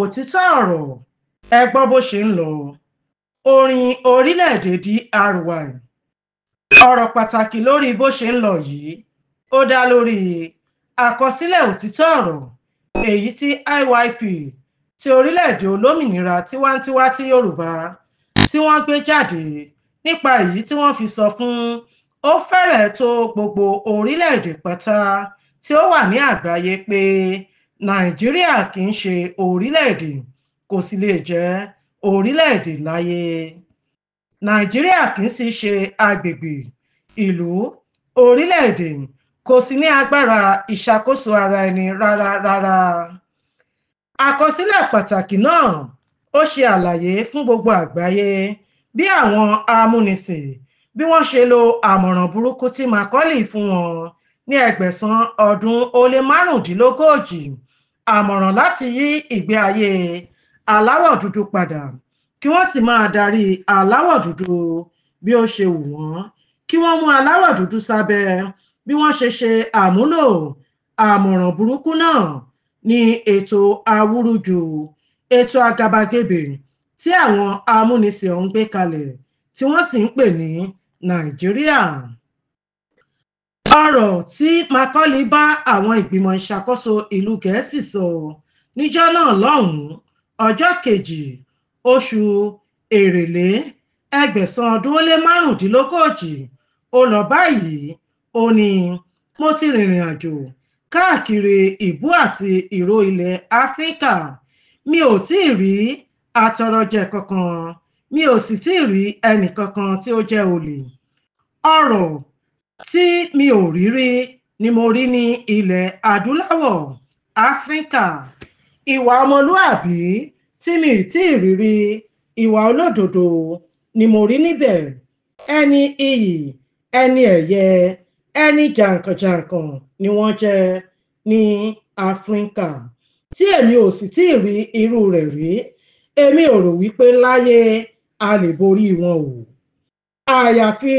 òtítọ́ ọ̀rọ̀ ẹ gbọ́ bó ṣe ń lọ orin orílẹ̀-èdè DRY ọ̀rọ̀ pàtàkì lórí bó ṣe ń lọ yìí ó dá lórí àkọsílẹ̀ òtítọ́ ọ̀rọ̀ èyí tí IYP ti orílẹ̀-èdè olómìnira tiwantiwa ti Yorùbá tí wọ́n gbé jáde nípa èyí tí wọ́n fi sọ fún ó fẹ́rẹ̀ẹ́ tó gbogbo orílẹ̀-èdè pátá tí ó wà ní àgbáyé pé nàìjíríà kì í ṣe orílẹ̀-èdè kò sì lè jẹ́ orílẹ̀-èdè láyé nàìjíríà kì í sì ṣe agbègbè ìlú orílẹ̀-èdè kò sì ní agbára ìṣàkóso ara ẹni rárá rárá àkọsílẹ̀ pàtàkì náà ó ṣe àlàyé fún gbogbo àgbáyé bí àwọn amúnisìn bí wọ́n ṣe lo àmọ̀ràn burúkú tí macaulay fún wọn ní ẹgbẹ̀sán ọdún ó lé márùndínlógójì àmọ̀ràn láti yí ìgbé ayé aláwọ̀ dúdú padà kí wọ́n sì máa darí aláwọ̀ dúdú bí ó ṣe wù wọ́n kí wọ́n mú aláwọ̀ dúdú sábẹ́ bí wọ́n ṣe ṣe àmúlò àmọ̀ràn burúkú náà ní ètò awúrúju ètò àgàbàgebè tí àwọn amúnisìn ọ̀hún gbé kalẹ̀ tí wọ́n sì ń pè ní nàìjíríà ọ̀rọ̀ tí macaulay bá àwọn ìgbìmọ̀ ìṣàkóso ìlú gẹ̀ẹ́sì sọ níjọ́ náà lọ́hùn-ún ọjọ́ kejì oṣù èrèlé ẹgbẹ̀sán ọdún ó lé márùndínlógójì ó lọ báyìí ó ní mo ti rìnrìn àjò káàkiri ìbú àti ìró ilẹ̀ áfíríkà mi ò tí ì rí atọrọjẹ kankan mi ò sì tí ì rí ẹnì kankan tí ó jẹ́ olè ọ̀rọ̀ tí mi ò rí ni mo rí ní ilẹ̀ adúláwọ̀ áfíríkà ìwà ọmọlúàbí tí mi tí ì ìwà olódodo ni mo rí níbẹ̀ ẹni iyì ẹni ẹ̀yẹ ẹni jàǹkànjàǹkàn ni wọ́n jẹ́ ní áfíríkà tí èmi ò sì tí ì rí irú rẹ̀ rí èmi ò rò wípé láyé a lè borí wọn o àyàfi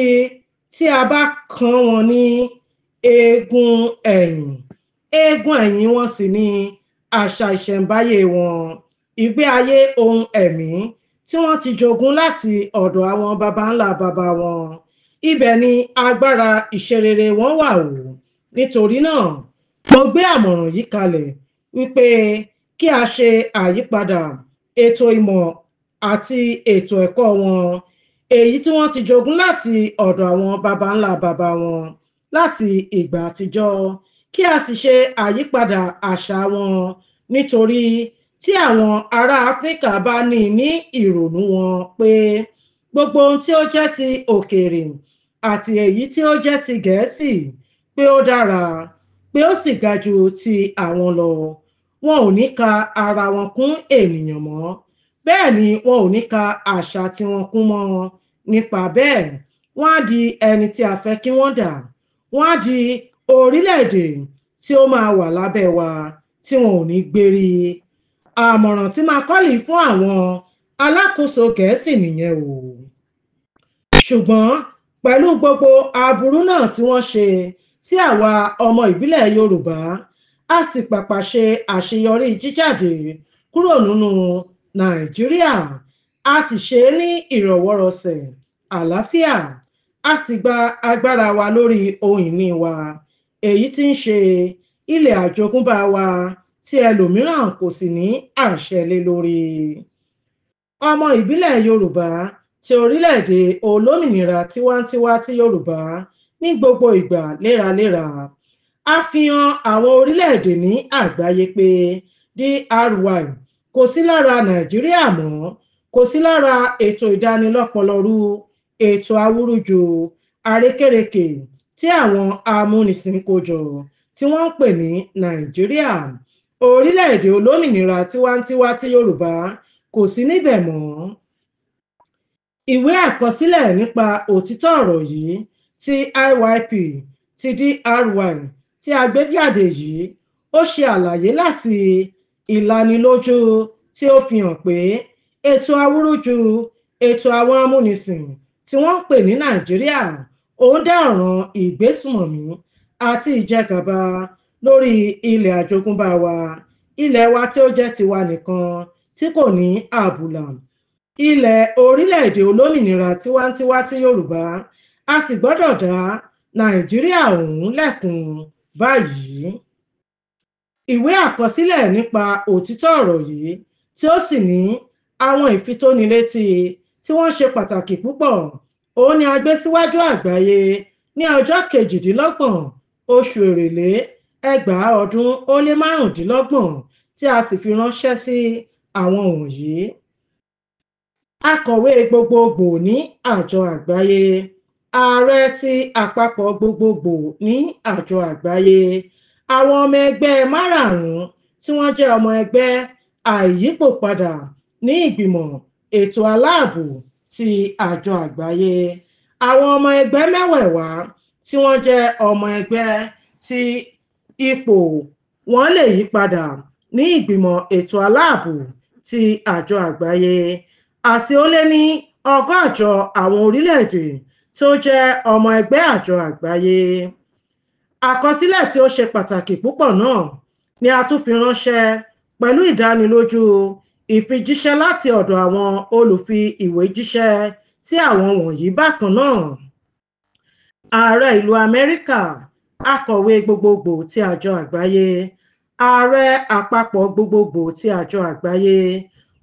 tí a bá kan wọn ní eegun ẹ̀yìn eegun ẹ̀yìn wọn sì ni àṣà ìṣẹ̀ǹbáyé wọn ìgbé ayé ohun ẹ̀mí tí wọ́n ti jogún láti ọ̀dọ̀ àwọn baba ńlá baba wọn ibẹ̀ ni agbára ìṣerere wọn wà o nítorí náà mo gbé àmọ̀ràn yìí kalẹ̀ wípé kí a ṣe àyípadà ètò ìmọ̀ àti ètò ẹ̀kọ́ wọn èyí tí wọ́n ti jogún láti ọ̀dọ̀ àwọn baba ńlá baba wọn láti ìgbà àtijọ́ kí a sì ṣe àyípadà àṣà wọn nítorí tí àwọn ará áfíríkà bá ní ní ìrònú wọn pé gbogbo ohun tí ó jẹ́ ti òkèèrè àti èyí tí ó jẹ́ ti gẹ̀ẹ́sì pé ó dára pé ó sì ga ju ti àwọn lọ wọn ò ní ka ara wọn kún ènìyàn mọ́ bẹ́ẹ̀ ni wọn ò ní ka àṣà tí wọ́n kún mọ́ wọn nípa bẹ́ẹ̀ wọ́n á di ẹni tí a fẹ́ kí wọ́n dà wọ́n á di orílẹ̀-èdè tí ó máa wà lábẹ́ wa tí wọn ò ní gbérí àmọ̀ràn tí Macaulay fún àwọn alákòóso gẹ̀ẹ́sì nìyẹn o ṣùgbọ́n pẹ̀lú gbogbo aburú náà tí wọ́n ṣe sí àwa ọmọ ìbílẹ̀ Yorùbá a sì pàpà ṣe àṣeyọrí jíjáde kúrò nínú nàìjíríà a sì ṣe é ní ìrọ̀wọ́rọsẹ̀ àlàáfíà a sì gba agbára wa lórí ohun ìní wa èyí tí ń ṣe ilẹ̀ àjogúnbá wa tí ẹlòmíràn kò sì ní àṣẹ lé lórí ọmọ ìbílẹ̀ yorùbá ti orílẹ̀-èdè olómìnira tiwantiwa ti yorùbá ní gbogbo ìgbà léraléra a fi hàn àwọn orílẹ̀ ní àgbáyé pé DRY kò sí lára nàìjíríà mọ́ kò sí lára ètò ìdánilọ́pọlọrú ètò awúrúju arékèrèkè tí àwọn amúnisìn kó jọ tí wọ́n ń pè ní nàìjíríà orílẹ̀-èdè olómìnira tiwantiwa ti yorùbá kò sí níbẹ̀ mọ́ ìwé àkọsílẹ̀ nípa òtítọ́ ọ̀rọ̀ yìí ti IYP ti DRY tí a yìí ó ṣe àlàyé láti ìlanilójú tí ó fi hàn pé ètò awúrúju ètò àwọn amúnisìn tí wọ́n ń pè ní nàìjíríà òun dá ọ̀ràn ìgbésùmọ̀mí àti ìjẹgàba lórí ilẹ̀ àjogúnbá wa ilẹ̀ wa tí ó jẹ́ tiwa nìkan tí kò ní àbùlà ilẹ̀ orílẹ̀-èdè olómìnira tiwantiwa ti yorùbá a sì gbọ́dọ̀ dá nàìjíríà ọ̀hún lẹ́kùn báyìí ìwé àkọsílẹ̀ nípa òtítọ́ ọ̀rọ̀ yìí tí ó sì ní àwọn ìfitónilétí tí wọ́n ṣe pàtàkì púpọ̀ òun ni a gbé síwájú àgbáyé ní ọjọ́ kejìdínlọ́gbọ̀n oṣù èrèlé ẹgbàá ọdún ó lé márùndínlọ́gbọ̀n tí a sì fi ránṣẹ́ sí àwọn òǹyí. akọ̀wé gbogbogbò ní àjọ àgbáyé ààrẹ ti àpapọ̀ gbogbogbò ní àjọ àgbáyé àwọn ọmọ ẹgbẹ́ márààrún tí wọ́n jẹ́ ọmọ ẹgbẹ́ àìyípòpadà ní ìgbìmọ̀ ètò aláàbò ti àjọ àgbáyé àwọn ọmọ ẹgbẹ́ mẹ́wẹ̀ẹ̀wá tí wọ́n jẹ́ ọmọ ẹgbẹ́ tí ipò wọn lè yí padà ní ìgbìmọ̀ ètò aláàbò ti àjọ àgbáyé àti ó lé ní ọgọ́jọ àwọn orílẹ̀-èdè tó jẹ́ ọmọ ẹgbẹ́ àjọ àgbáyé àkọsílẹ̀ tí ó ṣe pàtàkì púpọ̀ náà ni a tún fi ránṣẹ́ pẹ̀lú ìdánilójú ìfijíṣẹ́ láti ọ̀dọ̀ àwọn olùfi ìwé jíṣẹ́ sí àwọn wọ̀nyí bákan náà ààrẹ ìlú amẹ́ríkà akọ̀wé gbogbogbò ti àjọ àgbáyé ààrẹ àpapọ̀ gbogbogbò ti àjọ àgbáyé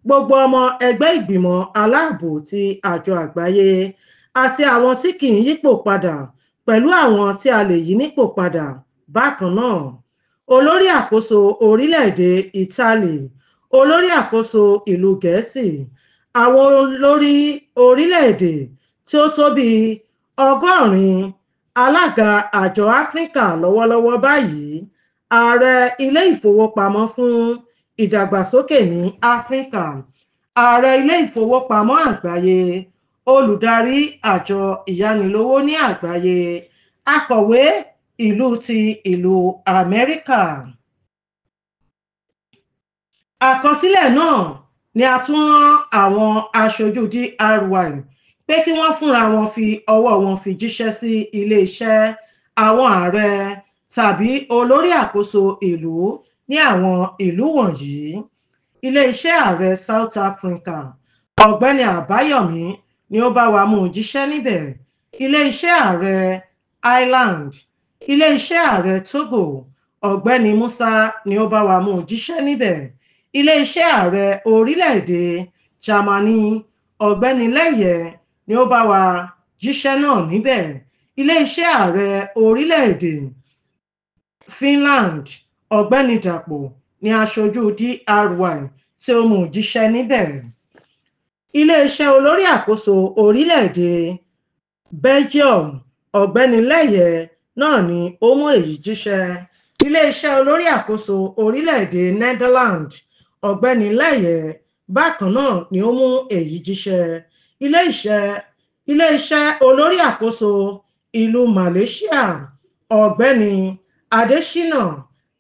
gbogbo ọmọ ẹgbẹ́ ìgbìmọ̀ aláàbò ti àjọ àgbáyé àti àwọn tí kì í yípo padà pẹ̀lú àwọn tí a lè yí nípò padà bákan náà olórí àkóso orílẹ̀-èdè italy olórí àkóso ìlú gẹ̀ẹ́sì àwọn olórí orílẹ̀-èdè tí ó tó bíi ọgọ́rin alága àjọ áfíríkà lọ́wọ́lọ́wọ́ báyìí ààrẹ ilé ìfowópamọ́ fún ìdàgbàsókè ní áfíríkà ààrẹ ilé ìfowópamọ́ àgbáyé olùdarí àjọ ìyánilówó ní àgbáyé akọ̀wé ìlú ti ìlú amẹ́ríkà àkọsílẹ̀ náà ni a tún rán àwọn aṣojú dry pé kí wọ́n fúnra wọn fi ọwọ́ wọn fi jíṣẹ́ sí iléeṣẹ́ àwọn ààrẹ tàbí olórí àkóso ìlú ní àwọn ìlú wọ̀nyí iléeṣẹ́ ààrẹ South Africa ọ̀gbẹ́ni Àbáyọ̀mí ni ó bá wa mú un jíṣẹ́ níbẹ̀ iléeṣẹ́ ààrẹ Ireland iléeṣẹ́ ààrẹ Togo ọ̀gbẹ́ni Musa ni ó bá wa mú un jíṣẹ́ níbẹ̀ iléeṣẹ́ ààrẹ orílẹ̀-èdè Germany ọ̀gbẹ́ni Lẹ́yẹ ni ó bá wa jíṣẹ́ náà níbẹ̀ iléeṣẹ́ ààrẹ orílẹ̀-èdè Finland ọ̀gbẹ́ni Dàpọ̀ ni aṣojú DRY tí ó mú jíṣẹ́ níbẹ̀ iléeṣẹ́ olórí àkóso orílẹ̀ belgium ọ̀gbẹ́ni lẹ́yẹ náà ni ó mú èyí jíṣẹ́ iléeṣẹ́ olórí àkóso orílẹ̀ netherlands ọ̀gbẹ́ni lẹ́yẹ bákan náà ni ó mú èyí jíṣẹ́ iléeṣẹ́ olórí àkóso ìlú malaysia ọ̀gbẹ́ni Adesina,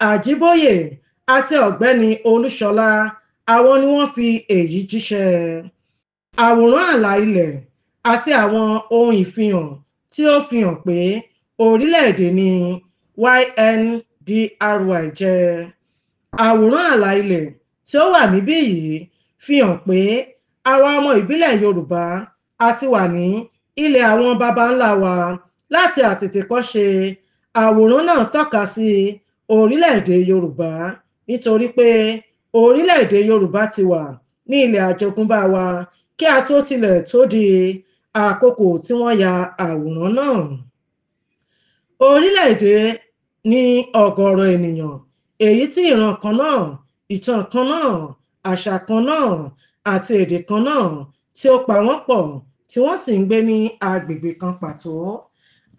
Ajiboye, àti ọ̀gbẹ́ni olúṣọlá àwọn ni wọ́n fi èyí jíṣẹ́ àwòrán àlà ilẹ̀ àti àwọn ohun ìfihàn tí ó fi hàn pé orílẹ̀-èdè ní yndry jẹ́. àwòrán àlà ilẹ̀ tí ó wà níbí yìí fi hàn pé àwa ọmọ ìbílẹ̀ yorùbá a ti wà ní ilẹ̀ àwọn baba ńlá wa láti àtètèkọ́ṣe àwòrán náà tọ́ka sí orílẹ̀-èdè yorùbá nítorí pé orílẹ̀-èdè yorùbá ti wà ní ilẹ̀ àjogúnbá wa kí a tó tilẹ̀ tó di àkókò tí wọ́n ya àwòrán náà orílẹ̀-èdè ní ọ̀gọ̀ọ̀rọ̀ ènìyàn èyí tí ìran kan náà ìtàn kan náà àṣà kan náà àti èdè kan náà tí ó pa wọ́n pọ̀ tí wọ́n sì ń gbé ní agbègbè kan pàtó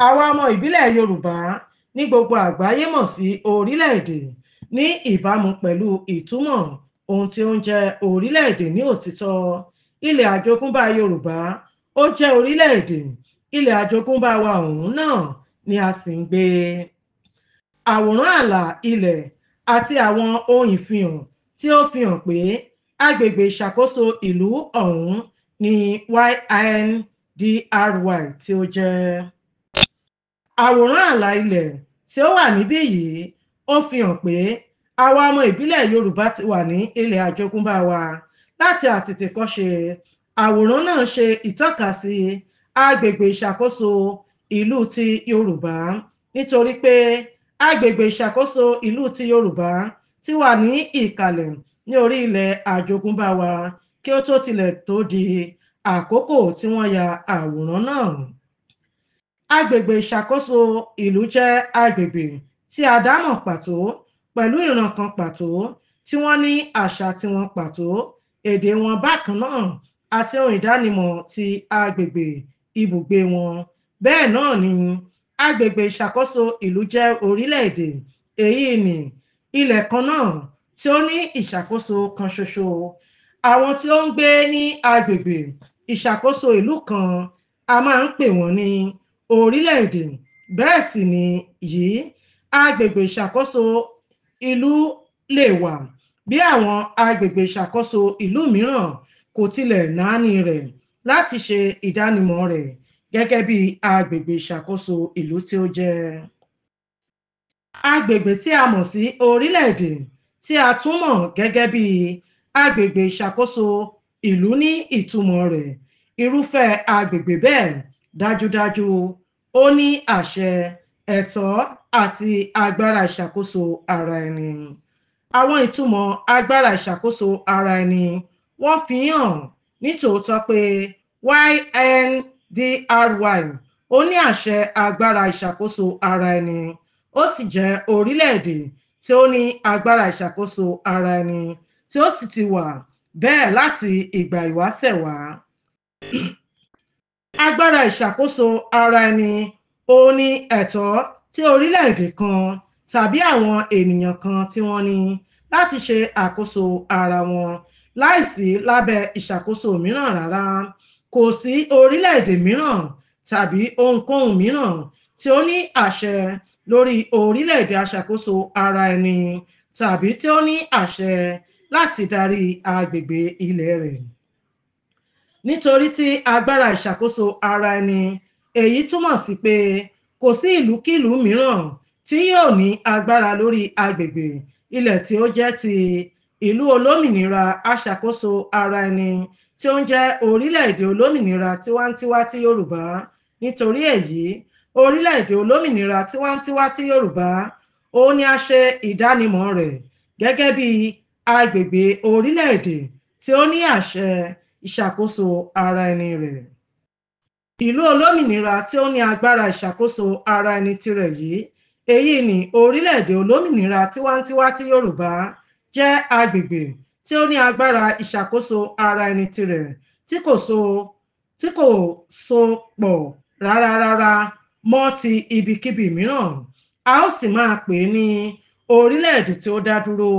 àwa ọmọ ìbílẹ̀ Yorùbá ní gbogbo àgbáyé mọ̀ sí orílẹ̀-èdè ní ìbámu pẹ̀lú ìtumọ̀ ohun tí ó ń jẹ́ orílẹ̀-èdè ní òtítọ́ ilẹ̀ àjogúnbá yorùbá ó jẹ́ orílẹ̀-èdè ilẹ̀ àjogúnbá wa ọ̀hún náà ni a sì ń gbé àwòrán àlà ilẹ̀ àti àwọn ohun ìfihàn tí ó fi hàn pé agbègbè ìṣàkóso ìlú ọ̀hún ni YINDRY tí ó jẹ́ àwòrán àlà ilẹ̀ tí ó wà níbí yìí ó fi hàn pé àwa ọmọ ìbílẹ̀ yorùbá ti wà ní ilẹ̀ àjogúnbá wa láti àtètèkọ́ṣe àwòrán náà ṣe ìtọ́kasí agbègbè ìṣàkóso ìlú ti Yorùbá nítorí pé agbègbè ìṣàkóso ìlú ti Yorùbá ti wà ní ìkàlẹ̀ ní orí ilẹ̀ àjogúnbá wa kí ó tó tilẹ̀ tó di àkókò tí wọ́n ya àwòrán náà. Agbègbè ìṣàkóso ìlú jẹ́ agbègbè tí a dámọ̀ pàtó pẹ̀lú ìran kan pàtó tí wọ́n ní àṣà tiwọn pàtó èdè wọn bákan náà àti ohun ìdánimọ̀ ti agbègbè ibùgbé wọn bẹ́ẹ̀ náà ni agbègbè ìṣàkóso ìlú jẹ́ orílẹ̀-èdè èyí ni ilẹ̀ kan náà tí ó ní ìṣàkóso kan ṣoṣo àwọn tí ó ń gbé ní agbègbè ìṣàkóso ìlú kan a máa ń pè wọ́n ní orílẹ̀-èdè bẹ́ẹ̀ sì ni yìí agbègbè ìṣàkóso ìlú lè wà bí àwọn agbègbè ìṣàkóso ìlú mìíràn kò tilẹ̀ náání rẹ̀ láti ṣe ìdánimọ̀ rẹ̀ gẹ́gẹ́ bí agbègbè ìṣàkóso ìlú tí ó jẹ́. Agbègbè tí a mọ̀ sí orílẹ̀-èdè tí a tún mọ̀ gẹ́gẹ́ bí agbègbè ìṣàkóso ìlú ní ìtumọ̀ rẹ̀ irúfẹ́ agbègbè bẹ́ẹ̀ dájúdájú ó ní àṣẹ ẹ̀tọ́ àti agbára ìṣàkóso ara ẹni àwọn ìtumọ̀ agbára ìṣàkóso ara ẹni wọ́n fi hàn nítòótọ́ pé yndry ó ní àṣẹ agbára ìṣàkóso ara ẹni ó sì jẹ́ orílẹ̀-èdè tí ó ní agbára ìṣàkóso ara ẹni tí ó sì ti wà bẹ́ẹ̀ láti ìgbà ìwáṣẹ̀ wá. agbára ìṣàkóso ara ẹni ó ní ẹ̀tọ́ tí orílẹ̀-èdè kan tàbí àwọn ènìyàn kan tí wọ́n ní láti ṣe àkóso ara wọn láìsí lábẹ́ ìṣàkóso mìíràn rárá kò sí orílẹ̀-èdè mìíràn tàbí ohunkóhun mìíràn tí ó ní àṣẹ lórí orílẹ̀-èdè aṣàkóso ara ẹni tàbí tí ó ní àṣẹ láti darí agbègbè ilẹ̀ rẹ̀. nítorí tí agbára ìṣàkóso ara ẹni èyí túmọ̀ sí pé kò sí ìlúkílùú mìíràn tí yóò ní agbára lórí agbègbè ilẹ̀ tí ó jẹ́ ti ìlú olómìnira aṣàkóso ara ẹni tí ó ń jẹ́ orílẹ̀-èdè olómìnira tiwantiwa ti Yorùbá nítorí èyí orílẹ̀-èdè olómìnira tiwantiwa ti Yorùbá òun ni a ṣe ìdánimọ̀ rẹ̀ gẹ́gẹ́ bí agbègbè orílẹ̀-èdè tí ó ní àṣẹ ìṣàkóso ara ẹni rẹ̀. Ìlú olómìnira tí ó ní agbára ìṣàkóso ara ẹni tirẹ̀ yìí èyí ni orílẹ̀-èdè olómìnira tiwantiwa ti yorùbá jẹ́ agbègbè tí ó ní agbára ìṣàkóso ara ẹni tirẹ̀ tí kò so tí kò so pọ̀ rárárárá mọ́ ti ibikíbi mìíràn a ó sì máa pè é ní orílẹ̀-èdè tí ó dá dúró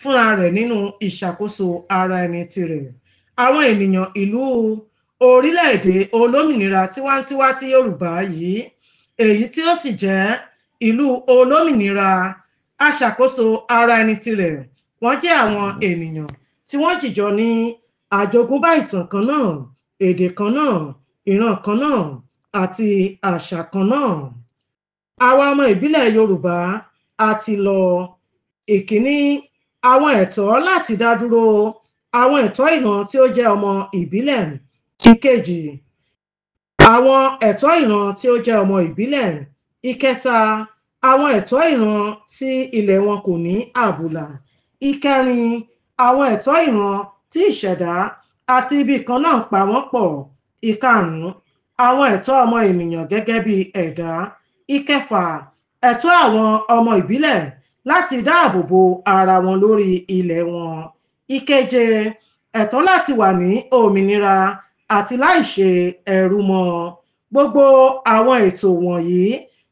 fúnra rẹ̀ nínú ìṣàkóso ara ẹni tirẹ̀ àwọn ènìyàn ìlú orílẹ̀-èdè olómìnira tiwantiwa ti yorùbá yìí èyí tí ó sì jẹ́ ìlú olómìnira aṣàkóso ara ẹni tirẹ̀ wọ́n jẹ́ àwọn ènìyàn tí wọ́n jìjọ ní àjogúnbá ìtàn kan náà èdè kan náà ìran kan náà àti àṣà kan náà àwa ọmọ ìbílẹ̀ Yorùbá a ti lọ ìkíní àwọn ẹ̀tọ́ láti dá dúró àwọn ẹ̀tọ́ ìran tí ó jẹ́ ọmọ ìbílẹ̀ ìkejì àwọn ẹ̀tọ́ ìran tí ó jẹ́ ọmọ ìbílẹ̀ ìkẹta àwọn ẹ̀tọ́ ìran tí ilẹ̀ wọn kò ní àbùlà ìkẹrin àwọn ẹ̀tọ́ ìran tí ìṣẹ̀dá àti ibi kan náà pa wọ́n pọ̀ ìkarùn-ún àwọn ẹ̀tọ́ ọmọ ènìyàn gẹ́gẹ́ bí ẹ̀dá ìkẹfà ẹ̀tọ́ àwọn ọmọ ìbílẹ̀ láti dáàbò bo ara wọn lórí ilẹ̀ wọn ìkeje ẹ̀tọ́ láti wà ní òmìnira àti láìṣe ẹrú mọ́ gbogbo àwọn ètò wọ̀nyí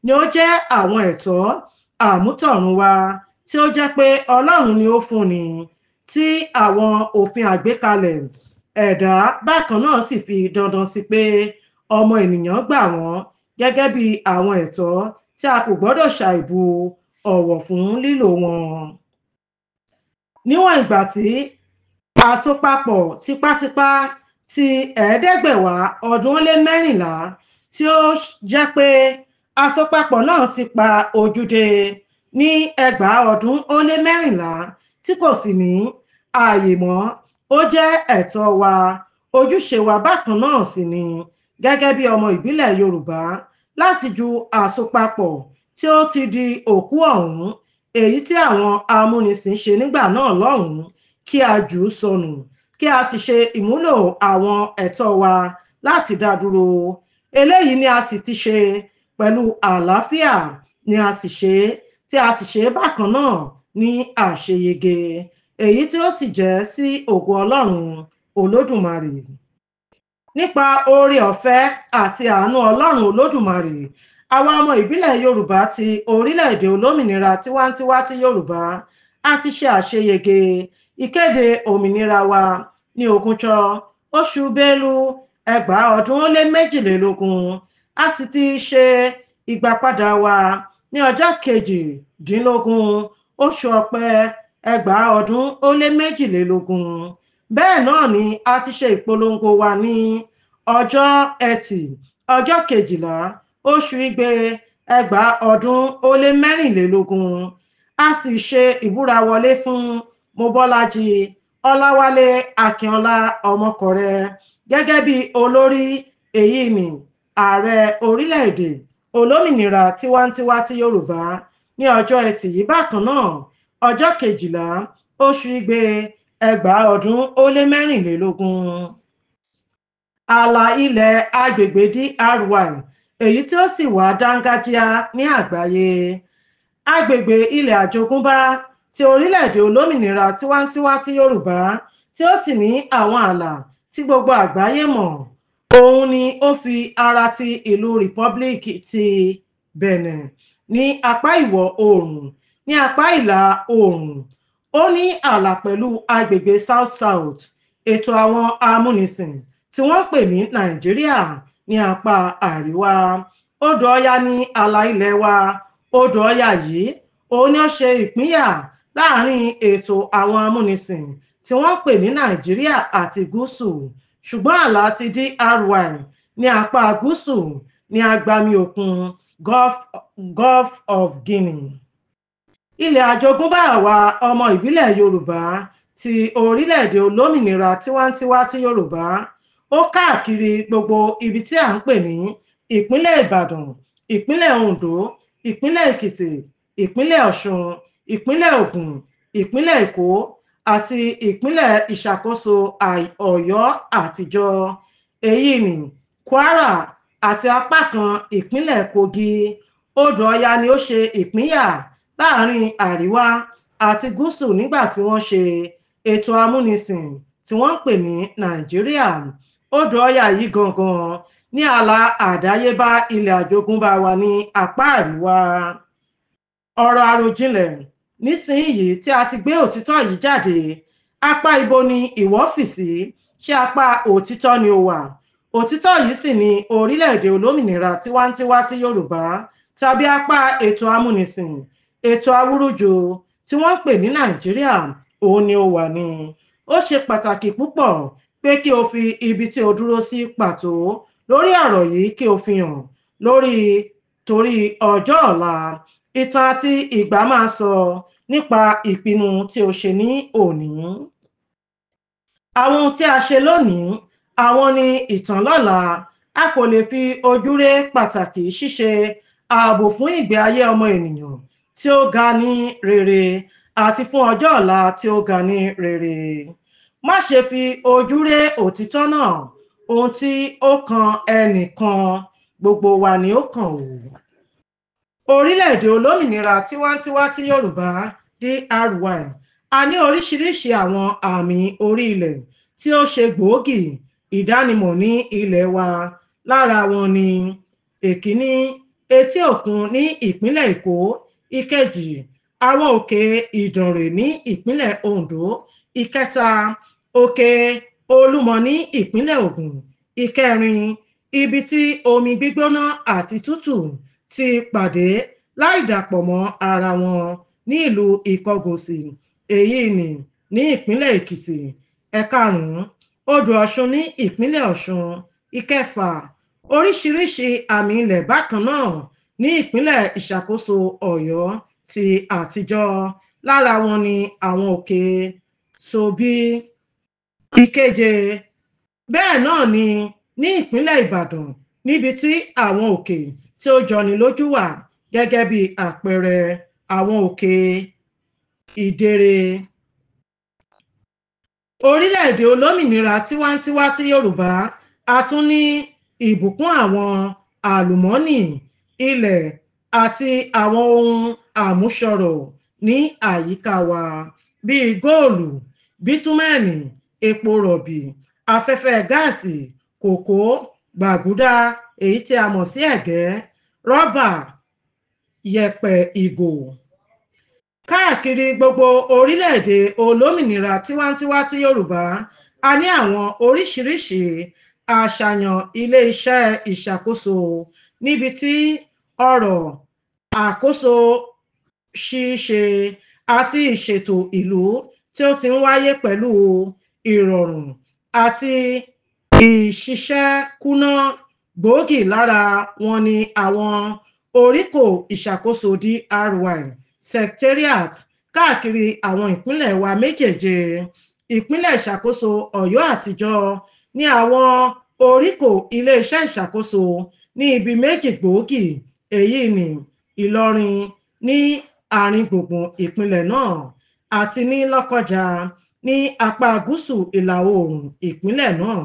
ni ó jẹ́ àwọn ẹ̀tọ́ àmútọ̀runwá tí ó jẹ́ pé Ọlọ́run ni ó fúnni tí àwọn òfin àgbékalẹ̀ ẹ̀dá bákan náà sì fi dandan sí pé ọmọ ènìyàn gbà wọ́n gẹ́gẹ́ bí àwọn ẹ̀tọ́ tí a kò gbọ́dọ̀ ṣàìbù ọ̀wọ̀ fún lílò wọn. níwọ̀n ìgbà tí àsopapọ̀ tipátipá ti ẹ̀ẹ́dẹ́gbẹ̀wá ọdún ó lé mẹ́rìnlá tí ó jẹ́ pé àsopapọ̀ náà ti pa ojúde ní ẹgbàá ọdún ó lé mẹ́rìnlá tí kò sì ní ààyè mọ́ ó jẹ́ ẹ̀tọ́ wa ojúṣe wa bákan náà sì ni gẹ́gẹ́ bí ọmọ ìbílẹ̀ yorùbá láti ju àsopapọ̀ tí ó ti di òkú ọ̀hún èyí tí àwọn amúnisìn ṣe nígbà náà lọ́hùn-ún kí a jù ú sọnù kí a sì ṣe ìmúlò àwọn ẹ̀tọ́ wa láti dá dúró eléyìí ni a sì ti ṣe pẹ̀lú àlàáfíà ni a sì ṣe tí a sì ṣe bákan náà ní àṣeyege èyí tí ó sì jẹ́ sí ògo ọlọ́run olódùmarè nípa oore ọ̀fẹ́ àti àánú ọlọ́run olódùmarè àwa ọmọ ìbílẹ̀ yorùbá ti orílẹ̀-èdè olómìnira tiwantiwa ti yorùbá a ti ṣe àṣeyege ìkéde òmìnira wa ní ogúnjọ́ oṣù bélú ẹgbàá ọdún ó lé méjìlélógún a sì ti ṣe ìgbàpadà wa ní ọjọ́ kejìdínlógún oṣù ọ̀pẹ ẹgbàá ọdún ó lé méjìlélógún bẹ́ẹ̀ náà ni a ti ṣe ìpolongo wa ní ọjọ́ ẹtì ọjọ́ kejìlá oṣù igbe ẹgbàá ọdún ó lé mẹ́rìnlélógún a sì ṣe ìbúra wọlé fún mobọ́lájí ọláwálé akínọlá ọmọkọrẹ gẹ́gẹ́ bí olórí èyí ni ààrẹ orílẹ̀-èdè olómìnira tiwantiwa ti yorùbá ní ọjọ́ ẹtì yìí bákan náà ọjọ́ kejìlá oṣù igbe ẹgbàá ọdún ó lé mẹ́rìnlélógún ààlà ilẹ̀ agbègbè DRY èyí tí ó sì wà dángájíá ní àgbáyé agbègbè ilẹ̀ àjogúnbá ti orílẹ̀-èdè olómìnira tiwantiwa ti yorùbá tí ó sì ní àwọn ààlà tí gbogbo àgbáyé mọ̀ òun ni ó fi ara ti ìlú Republic ti Benin ní apá ìwọ̀ oòrùn ní apá ìlà oòrùn ó ní ààlà pẹ̀lú agbègbè South South ètò àwọn amúnisìn tí wọ́n pè ní Nàìjíríà ní apá àríwá odò Ọya ní ààlà ilẹ̀ wa odò Ọya yìí òun ni ó ṣe ìpínyà láàrin ètò àwọn amúnisìn tí wọ́n pè ní Nàìjíríà àti gúúsù ṣùgbọ́n àlá ti di ry ní apá gúúsù ní agbami òkun gulf, gulf of guinea ilẹ̀ àjogúnbá àwa ọmọ ìbílẹ̀ yorùbá ti orílẹ̀-èdè olómìnira tiwantiwa ti yorùbá ó káàkiri gbogbo ibi tí à ń pè ní ìpínlẹ̀ ìbàdàn ìpínlẹ̀ oǹdó ìpínlẹ̀ èkìtì ìpínlẹ̀ ọ̀ṣun ìpínlẹ̀ ògùn ìpínlẹ̀ èkó àti ìpínlẹ̀ ìṣàkóso ọ̀yọ́ àtijọ́ èyí ni kwara àti apá kan ìpínlẹ̀ kogi odò ọya ni ó ṣe ìpínyà láàrin àríwá àti gúúsù nígbà tí wọ́n ṣe ètò amúnisìn tí wọ́n ń pè ní nàìjíríà odò ọya yìí gangan ní ààlà àdáyébá ilẹ̀ àjogúnbá wa ní apá àríwá ọ̀rọ̀ àròjinlẹ̀ nísìnyìí tí a ti gbé òtítọ́ yìí jáde apá ibo ni ìwọ fì sí ṣé apá òtítọ́ ni ó wà òtítọ́ yìí sì ni orílẹ̀-èdè olómìnira tiwantiwa ti yorùbá tàbí apá ètò amúnisìn ètò awúrúju tí wọ́n ń pè ní nàìjíríà òun ni ó wà ní ó ṣe pàtàkì púpọ̀ pé kí o fi ibi tí o dúró sí pàtó lórí ọ̀rọ̀ yìí kí o fi hàn lórí torí ọjọ́ ọ̀la ìtàn àti ìgbà máa sọ nípa ìpinnu tí o ṣe ní òní. Àwọn ohun tí a ṣe lónìí, àwọn ni ìtàn lọ́la. A kò lè fi ojúré pàtàkì ṣíṣe ààbò fún ìgbé ayé ọmọ ènìyàn tí ó ga ní rere àti fún ọjọ́ ọ̀la tí ó ga ní rere. Má ṣe fi ojúré òtítọ́ náà, ohun tí ó kan ẹnìkan, gbogbo wa ni ó kàn ó orílẹ̀-èdè olómìnira tiwantiwa ti yorùbá dry a ní oríṣiríṣi àwọn àmì orí ilẹ̀ tí ó ṣe gbòógì ìdánimọ̀ ní ilẹ̀ wa lára wọn ni èkíní etí òkun ní ìpínlẹ̀ èkó ìkejì àwọn òkè ìdànrè ní ìpínlẹ̀ ondo ìkẹta òkè olúmọ ní ìpínlẹ̀ ògùn ìkẹrin ibi tí omi gbígbóná àti tútù ti pàdé láì dàpọ̀ mọ́ ara wọn ní ìlú ìkọgòsì èyí ni ní ìpínlẹ̀ èkìtì ẹ̀karùn-ún odò ọ̀ṣun ní ìpínlẹ̀ ọ̀ṣun ìkẹfà oríṣiríṣi àmì ilẹ̀ bákan náà ní ìpínlẹ̀ ìṣàkóso ọ̀yọ́ ti àtijọ́ lára wọn ni àwọn òkè sobi ìkeje bẹ́ẹ̀ náà ni ní ìpínlẹ̀ ìbàdàn níbi tí àwọn òkè tí ó jọni lójú wà gẹ́gẹ́ bí àpẹẹrẹ àwọn òkè ìdèrè orílẹ̀-èdè olómìnira tiwantiwa ti yorùbá a tún ní ìbùkún àwọn àlùmọ́nì ilẹ̀ àti àwọn ohun àmúṣọrọ̀ ní àyíká wa bíi góòlù bítúmẹ́ẹ̀nì epo rọ̀bì afẹ́fẹ́ gáàsì kòkó gbàgúdá èyí tí a mọ̀ sí ẹ̀gẹ́ rọ́bà yẹ̀pẹ̀ ìgò káàkiri gbogbo orílẹ̀-èdè olómìnira tiwantiwa ti Yorùbá a ní àwọn oríṣiríṣi àṣàyàn ilé-iṣẹ́ ìṣàkóso níbi tí ọ̀rọ̀ àkóso ṣíṣe àti ìṣètò ìlú tí ó ti ń wáyé pẹ̀lú ìrọ̀rùn àti ìṣiṣẹ́ kúná gbòógì lára wọn ni àwọn oríkò ìṣàkóso DRY secretariat káàkiri àwọn ìpínlẹ̀ wa méjèèje ìpínlẹ̀ ìṣàkóso Ọ̀yọ́ àtijọ́ ní àwọn oríkò iléeṣẹ́ ìṣàkóso ní ibi méjì gbòógì èyí ni Ìlọrin ní àárín gbùngbùn ìpínlẹ̀ náà àti ní Lọ́kọ́jà ní apá gúúsù ìlà oòrùn ìpínlẹ̀ náà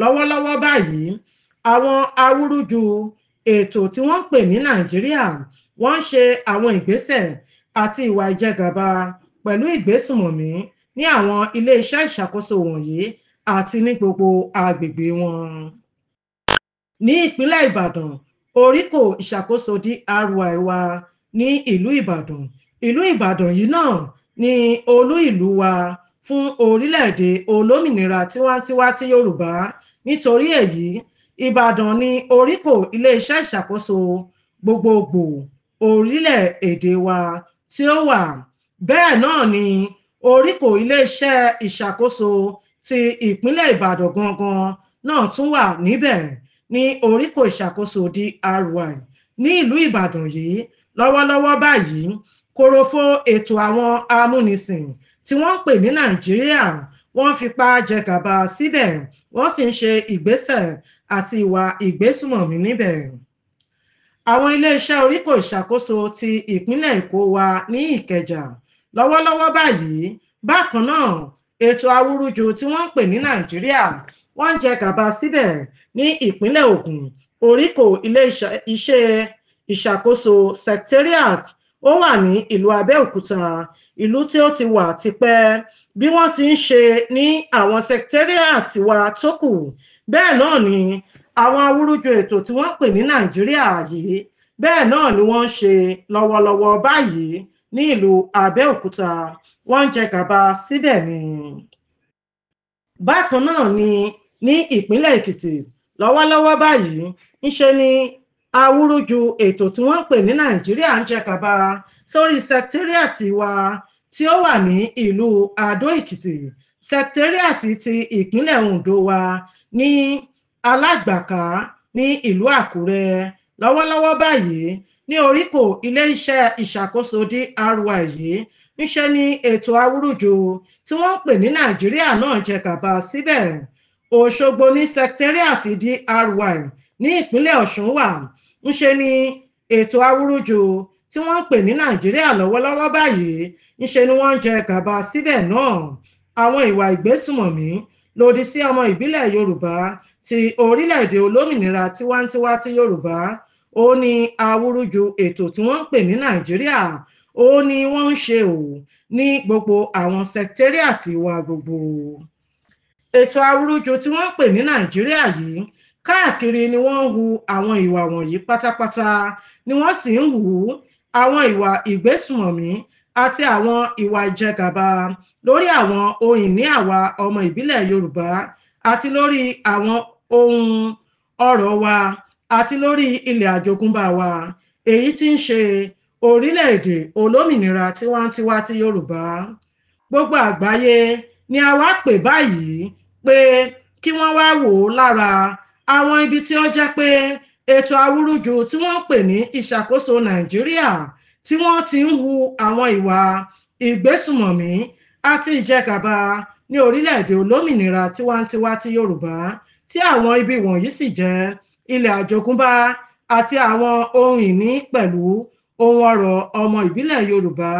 lọ́wọ́lọ́wọ́ báyìí àwọn awúrúju ètò tí wọ́n ń pè ní nàìjíríà wọ́n ń ṣe àwọn ìgbésẹ̀ àti ìwà ìjẹgàba pẹ̀lú ìgbésùmọ̀mí ní àwọn iléeṣẹ́ ìṣàkóso wọ̀nyí àti ní gbogbo agbègbè wọn. ní ìpínlẹ̀ ìbàdàn oríkò ìṣàkóso DRY wa ní ìlú ìbàdàn ìlú ìbàdàn yìí náà ni olú ìlú wa fún orílẹ̀-èdè olómìnira tiwantiwa ti yorùbá nítorí èyí ìbàdàn ní oríkò iléeṣẹ́ ìṣàkóso gbogbogbò orílẹ̀-èdè wa tí ó wà bẹ́ẹ̀ náà ni oríkò iléeṣẹ́ ìṣàkóso ti ìpínlẹ̀ ìbàdàn gangan náà tún wà níbẹ̀ ní oríkò ìṣàkóso DRY ní ìlú ìbàdàn yìí lọ́wọ́lọ́wọ́ báyìí korofo ètò àwọn amúnisìn tí wọ́n ń pè ní nàìjíríà wọ́n fipá jẹgàba síbẹ̀ wọ́n sì ń ṣe ìgbésẹ̀ àti ìwà ìgbésùmọ̀mí níbẹ̀. àwọn iléeṣẹ́ oríkò ìṣàkóso ti ìpínlẹ̀ èkó wà ní ìkẹjà lọ́wọ́lọ́wọ́ báyìí bákan náà ètò awúrúju tí wọ́n ń pè ní nàìjíríà wọ́n ń jẹgàba síbẹ̀ ní ìpínlẹ̀ ògùn oríkò iléeṣẹ́ ìṣàkóso secretariat ó wà ní ìlú abẹ́òkúta ìlú tí ó ti wà tipẹ́ bí wọ́n ti ń ṣe ní àwọn secretariat wa tó kù bẹ́ẹ̀ náà ni àwọn awúrúju ètò tí wọ́n pè ní nàìjíríà yìí bẹ́ẹ̀ náà ni wọ́n ń ṣe lọ́wọ́lọ́wọ́ báyìí ní ìlú àbẹ́òkúta wọ́n ń jẹ gàba síbẹ̀ ni. bákan náà ni ní ìpínlẹ̀ èkìtì lọ́wọ́lọ́wọ́ báyìí ńṣe ni awúrúju ètò tí wọ́n pè ní nàìjíríà ń jẹ gàba sórí secretariat wa tí ó wà ní ìlú Adó-Èkìtì sẹkítẹ́ríàtì ti ìpínlẹ̀ Ondo wà ní Alágbàká ní ìlú Àkúrẹ́ lọ́wọ́lọ́wọ́ báyìí ní oríkò ilé-iṣẹ́ ìṣàkóso DRY yìí ńṣe ni ètò awúrúju tí wọ́n ń pè ní Nàìjíríà náà jẹ gàba síbẹ̀ Òṣogbo ní sẹkítẹ́ríàtì DRY ní ìpínlẹ̀ Ọ̀ṣun wà ńṣe ni ètò awúrúju tí wọ́n ń pè ní nàìjíríà lọ́wọ́lọ́wọ́ báyìí ńṣe ni wọ́n ń jẹ gàba síbẹ̀ náà àwọn ìwà ìgbésùmọ̀mí lòdì sí ọmọ ìbílẹ̀ yorùbá ti orílẹ̀-èdè olómìnira tiwantiwa ti yorùbá ó ní awúrúju ètò tí wọ́n ń pè ní nàìjíríà ó ní wọ́n ń ṣe ò ní gbogbo àwọn sẹkítẹ́rìàtì wa gbogbo ètò awúrúju tí wọ́n ń pè ní nàìjíríà yìí káàkiri ni wọ́n ń hu àwọn ìwà wọ̀nyí pátápátá ni wọ́n sì ń hù ú àwọn ìwà ìgbésùmọ̀mí àti àwọn ìwà ìjẹgàba lórí àwọn ohun ìní àwa ọmọ ìbílẹ̀ Yorùbá àti lórí àwọn ohun ọrọ̀ wa àti lórí ilẹ̀ àjogúnbá wa èyí tí ń ṣe orílẹ̀-èdè olómìnira tiwantiwa ti Yorùbá gbogbo àgbáyé ni a wá pè báyìí pé kí wọ́n wá wò ó lára àwọn ibi tí ó jẹ́ pé ètò awúrúju tí wọ́n ń pè ní ìṣàkóso nàìjíríà tí wọ́n ti ń hu àwọn ìwà ìgbésùmọ̀mí àti ìjẹgàba ní orílẹ̀-èdè olómìnira tiwantiwa ti yorùbá tí àwọn ibi wọ̀nyí sì jẹ́ ilẹ̀ àjogúnbá àti àwọn ohun ìní pẹ̀lú ohun ọrọ̀ ọmọ ìbílẹ̀ yorùbá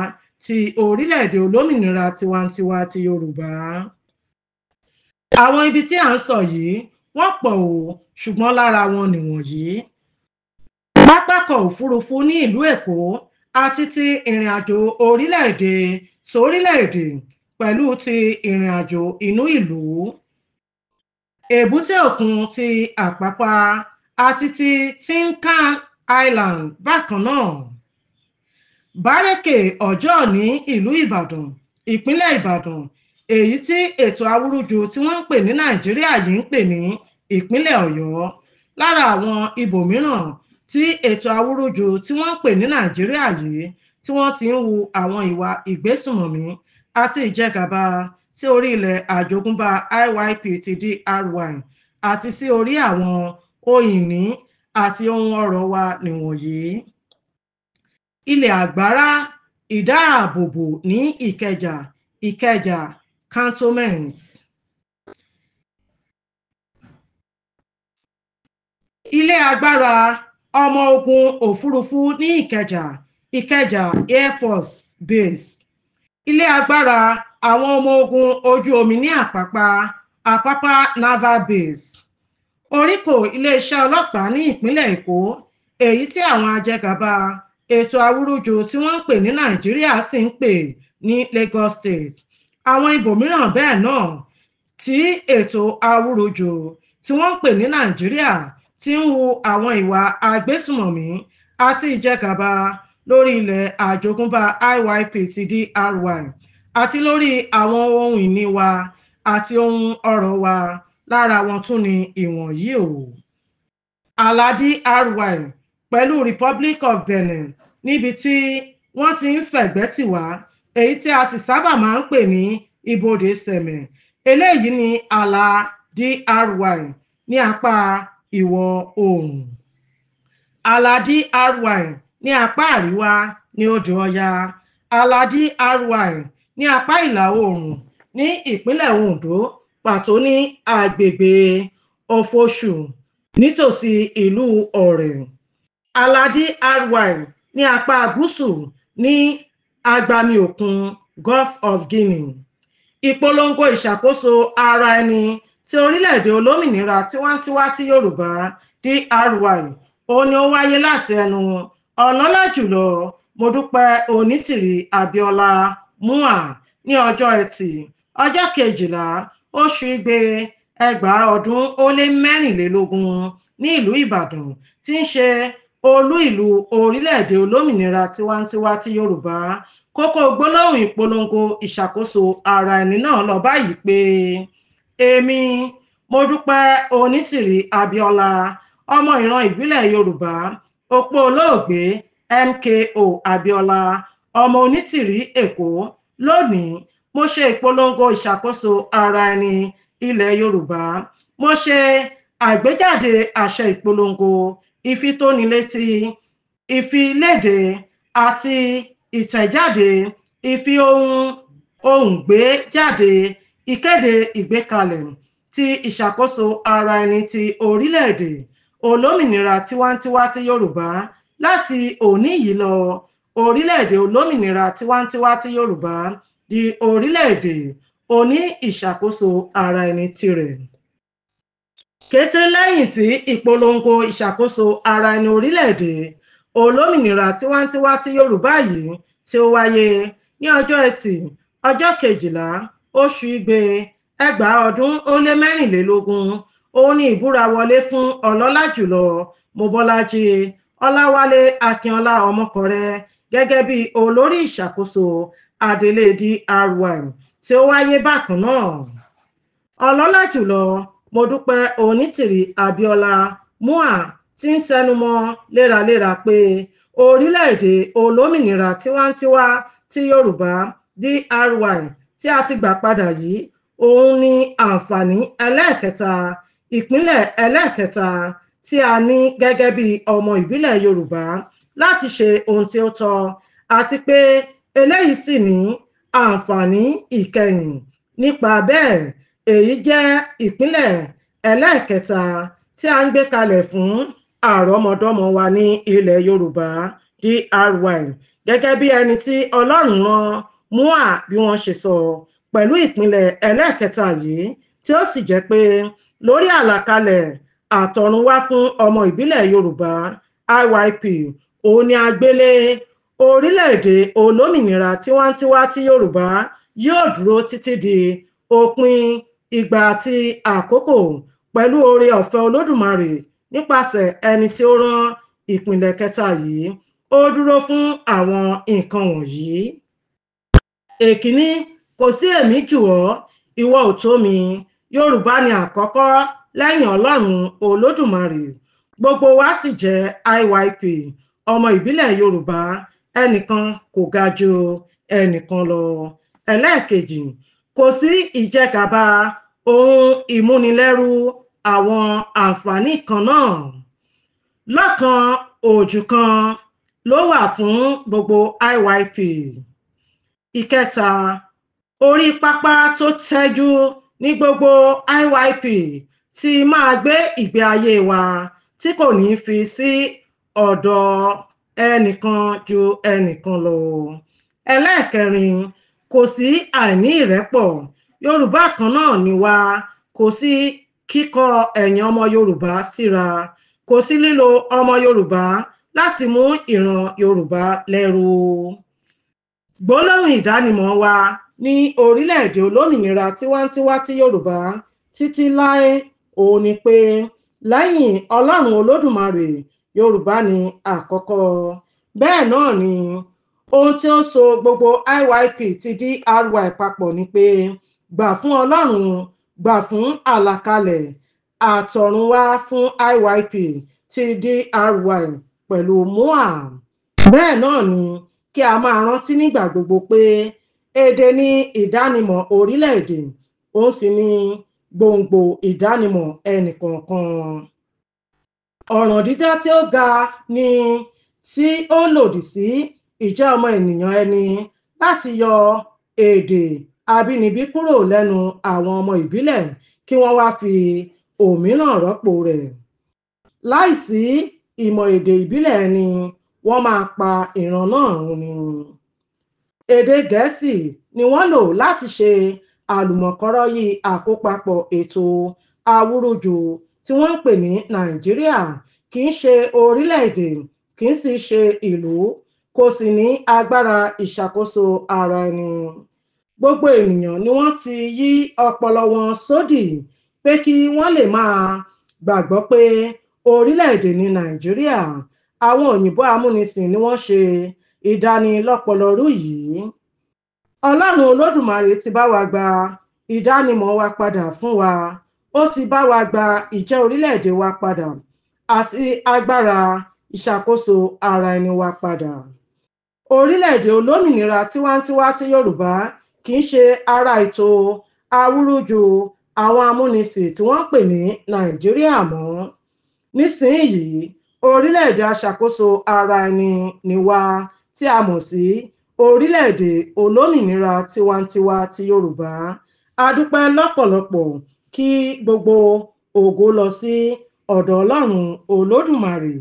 ti orílẹ̀-èdè olómìnira tiwantiwa ti yorùbá. àwọn ibi tí à ń sọ yìí wọ́n pọ̀ o ṣùgbọ́n lára wọn nìwọ̀nyí pápákọ̀ òfurufú ní ìlú èkó àti ti ìrìn àjò orílẹ̀-èdè sórílẹ̀-èdè pẹ̀lú ti ìrìn àjò inú ìlú èbúté òkun ti àpápá àti ti tinkan island bákan náà bárẹ́kè ọjọ́ ní ìlú ìbàdàn ìpínlẹ̀ ìbàdàn èyí tí ètò awúrúju tí wọ́n ń pè ní nàìjíríà yìí ń pè ní ìpínlẹ̀ ọ̀yọ́ lára àwọn ibòmíràn tí ètò awúrúju tí wọ́n ń pè ní nàìjíríà yìí tí wọ́n ti ń hu àwọn ìwà ìgbésùnmọ̀mí àti ìjẹgàba sí orí ilẹ̀ àjogúnbá IYP ti DRY àti sí orí àwọn ohun ìní àti ohun ọrọ̀ wa nìwọ̀nyí. ilẹ̀ àgbárá ìdáàbòbò ní ìkẹjà ìkẹjà cantonments. Ilé agbára ọmọ ogun òfurufú ní Ìkẹjà Ìkẹjà Air Force Base. Ilé agbára àwọn ọmọ ogun ojú omi ní Àpápá Àpápá Naval Base. Oríkò iléeṣẹ́ ọlọ́pàá ní ìpínlẹ̀ Èkó èyí tí àwọn ajẹgàba ètò awúrúju tí wọ́n ń pè ní Nàìjíríà sì ń pè ní Lagos State àwọn ibòmíràn bẹ́ẹ̀ náà tí ètò awúrojò tí wọ́n ń pè ní nàìjíríà ti ń hu àwọn ìwà agbésùmọ̀mí àti ìjẹgàba lórí ilẹ̀ àjogúnbá IYP ti DRY àti lórí àwọn ohun ìní wa àti ohun ọrọ̀ wa lára wọn tún ni ìwọ̀nyí o. àlà DRY pẹ̀lú Republic of Benin níbi tí wọ́n ti ń fẹ̀gbẹ́ tì wá èyí tí a sì sábà máa ń pè ní ibodè sẹ̀mẹ̀ eléyìí ni ààlà DRY ní apá ìwọ̀ oòrùn ààlà DRY ní apá àríwá ní odò Ọya ààlà DRY ní apá ìlà oòrùn ní ìpínlẹ̀ Ondo pàtó ní agbègbè Ọ̀fọ̀ṣù nítòsí ìlú Ọ̀rẹ̀ ààlà DRY ní apá gúúsù ní agbami òkun Gulf of Guinea ìpolongo ìṣàkóso ara ẹni ti orílẹ̀-èdè olómìnira tiwantiwa ti Yorùbá DRY òun ni ó wáyé láti ẹnu ọlọ́lá jùlọ Modúpẹ́ Onítìrí Abíọ́lá mua ní ọjọ́ Ẹtì ọjọ́ kejìlá oṣù igbe ẹgbàá ọdún ó lé mẹ́rìnlélógún ní ìlú Ìbàdàn tí ń ṣe olú ìlú orílẹ̀-èdè olómìnira tiwantiwa ti yorùbá kókó gbólóhùn ìpolongo ìṣàkóso ara ẹni náà lọ báyìí pé èmi mo dúpẹ́ onítìrí abíọ́lá ọmọ ìran ìbílẹ̀ yorùbá opó olóògbé mko Abiola, ọmọ onítìrí èkó lónìí mo ṣe ìpolongo ìṣàkóso ara ẹni ilẹ̀ yorùbá mo ṣe àgbéjáde àṣẹ ìpolongo ìfitónilétí ìfiléde àti ìtẹ̀jáde ìfi ohun ohùn gbé jáde ìkéde ìgbékalẹ̀ ti ìṣàkóso ara ẹni ti orílẹ̀-èdè olómìnira tiwantiwa ti yorùbá láti òní yìí lọ orílẹ̀-èdè olómìnira tiwantiwa ti yorùbá di orílẹ̀-èdè oní ìṣàkóso ara ẹni tirẹ̀ kété lẹ́yìn tí ìpolongo ìṣàkóso ara ẹni orílẹ̀-èdè olómìnira tiwantiwa ti yorùbá yìí tí ó wáyé ní ọjọ́ ẹtì ọjọ́ kejìlá oṣù igbe ẹgbàá ọdún ó lé mẹ́rìnlélógún ó ní ìbúra wọlé fún ọlọ́lá jùlọ mobọ́lájí ọláwálé akínọlá ọmọkọrẹ gẹ́gẹ́ bí olórí ìṣàkóso adelé dry tí ó wáyé bákan náà ọlọ́lá jùlọ mo onitiri onítìrí abiola mua ti ń tẹnumọ́ léraléra pé orílẹ̀-èdè olómìnira tiwantiwa ti yorùbá dry tí a ti gbà padà yìí òun ni àǹfààní ẹlẹ́ẹ̀kẹta ìpínlẹ̀ ẹlẹ́ẹ̀kẹta tí a ní gẹ́gẹ́ bí ọmọ ìbílẹ̀ yorùbá láti ṣe ohun tí ó tọ́ àti pé eléyìí sì ní àǹfààní ìkẹyìn nípa bẹ́ẹ̀ èyí jẹ́ ìpínlẹ̀ ẹlẹ́ẹ̀kẹta tí a ń gbé kalẹ̀ fún àrọ́mọdọ́mọ wa ní ilẹ̀ yorùbá DRY gẹ́gẹ́ bí ẹni tí ọlọ́run rán mua bí wọ́n ṣe sọ pẹ̀lú ìpínlẹ̀ ẹlẹ́ẹ̀kẹta yìí tí ó sì jẹ́ pé lórí àlàkalẹ̀ àtọ̀runwá fún ọmọ ìbílẹ̀ yorùbá IYP òun ni agbélé orílẹ̀-èdè olómìnira tiwantiwa ti yorùbá yóò dúró títí di òpin ìgbà àti àkókò pẹ̀lú oore ọ̀fẹ́ olódùmarè nípasẹ̀ ẹni tí ó rán ìpìlẹ̀ kẹta yìí ó dúró fún àwọn nǹkan wọ̀nyí. èkíní kò sí èmi jù ọ́ ìwọ ò tó mi yorùbá ni àkọ́kọ́ lẹ́yìn ọlọ́run olódùmarè gbogbo wa sì jẹ́ IYP ọmọ ìbílẹ̀ yorùbá ẹnìkan kò ga ju ẹnìkan lọ ẹlẹ́ẹ̀kejì kò sí ìjẹgàba ohun ìmúnilẹ́rú àwọn àǹfààní kan náà lọ́kan òjùkan ló wà fún gbogbo IYP. Ìkẹta, orí pápá tó tẹ́jú ní gbogbo IYP ti máa gbé ìgbé ayé wa tí kò ní fi sí ọ̀dọ̀ ẹnìkan ju ẹnìkan lọ. Ẹlẹ́ẹ̀kẹrin, kò sí àìní ìrẹ́pọ̀ yorùbá kan náà ni wá kò sí kíkọ ẹ̀yìn ọmọ yorùbá síra kò sí lílo ọmọ yorùbá láti mú ìran yorùbá lẹ́rú gbólóhùn ìdánimọ̀ wa ní orílẹ̀-èdè olómìnira tiwantiwa ti yorùbá títí láé òun ni pé lẹ́yìn ọlọ́run olódùmarè yorùbá ni àkọ́kọ́ bẹ́ẹ̀ náà ni ohun tí ó so gbogbo IYP ti DRY papọ̀ ni pé gbà fún ọlọ́run gbà fún àlàkalẹ̀ àtọ̀run wá fún IYP ti DRY pẹ̀lú MOA bẹ́ẹ̀ náà ni kí a máa rántí nígbà gbogbo pé èdè ni ìdánimọ̀ orílẹ̀-èdè òun sì ni gbòǹgbò ìdánimọ̀ ẹnìkọ̀ọ̀kan ọ̀ràn dídá tí ó ga ni tí ó lòdì sí ìjẹ́ ọmọ ènìyàn ẹni láti yọ èdè abínibí kúrò lẹ́nu àwọn ọmọ ìbílẹ̀ kí wọ́n wá fi òmíràn rọ́pò rẹ̀ láìsí ìmọ̀ èdè ìbílẹ̀ ni wọ́n máa pa ìran náà ni èdè gẹ̀ẹ́sì ni wọ́n lò láti ṣe àlùmọ̀kọ́rọ́yí àkópapọ̀ ètò awúrúju tí wọ́n ń pè ní nàìjíríà kì í ṣe orílẹ̀-èdè kì í sì ṣe ìlú kò sì ní agbára ìṣàkóso ara ẹni gbogbo ènìyàn ni wọ́n ti yí ọpọlọ wọn sódì pé kí wọ́n lè máa gbàgbọ́ pé orílẹ̀-èdè ní nàìjíríà àwọn òyìnbó amúnisìn ni wọ́n ṣe ìdánilọ́pọlọrú yìí ọlọ́run olódùmarè ti bá wa gba ìdánimọ̀ wa padà fún wa ó ti bá wa gba ìjẹ́ orílẹ̀-èdè wa padà àti agbára ìṣàkóso ara ẹni wa padà orílẹ̀-èdè olómìnira tiwantiwa ti yorùbá kì í ṣe ara ètò awúrúju àwọn amúnisìn tí wọ́n pè ní nàìjíríà mọ́ nísìnyìí orílẹ̀-èdè aṣàkóso ara ẹni ni wá tí a mọ̀ sí orílẹ̀-èdè olómìnira tiwantiwa ti yorùbá a dúpẹ́ lọ́pọ̀lọpọ̀ kí gbogbo ògo lọ sí ọ̀dọ̀ ọlọ́run olódùmarè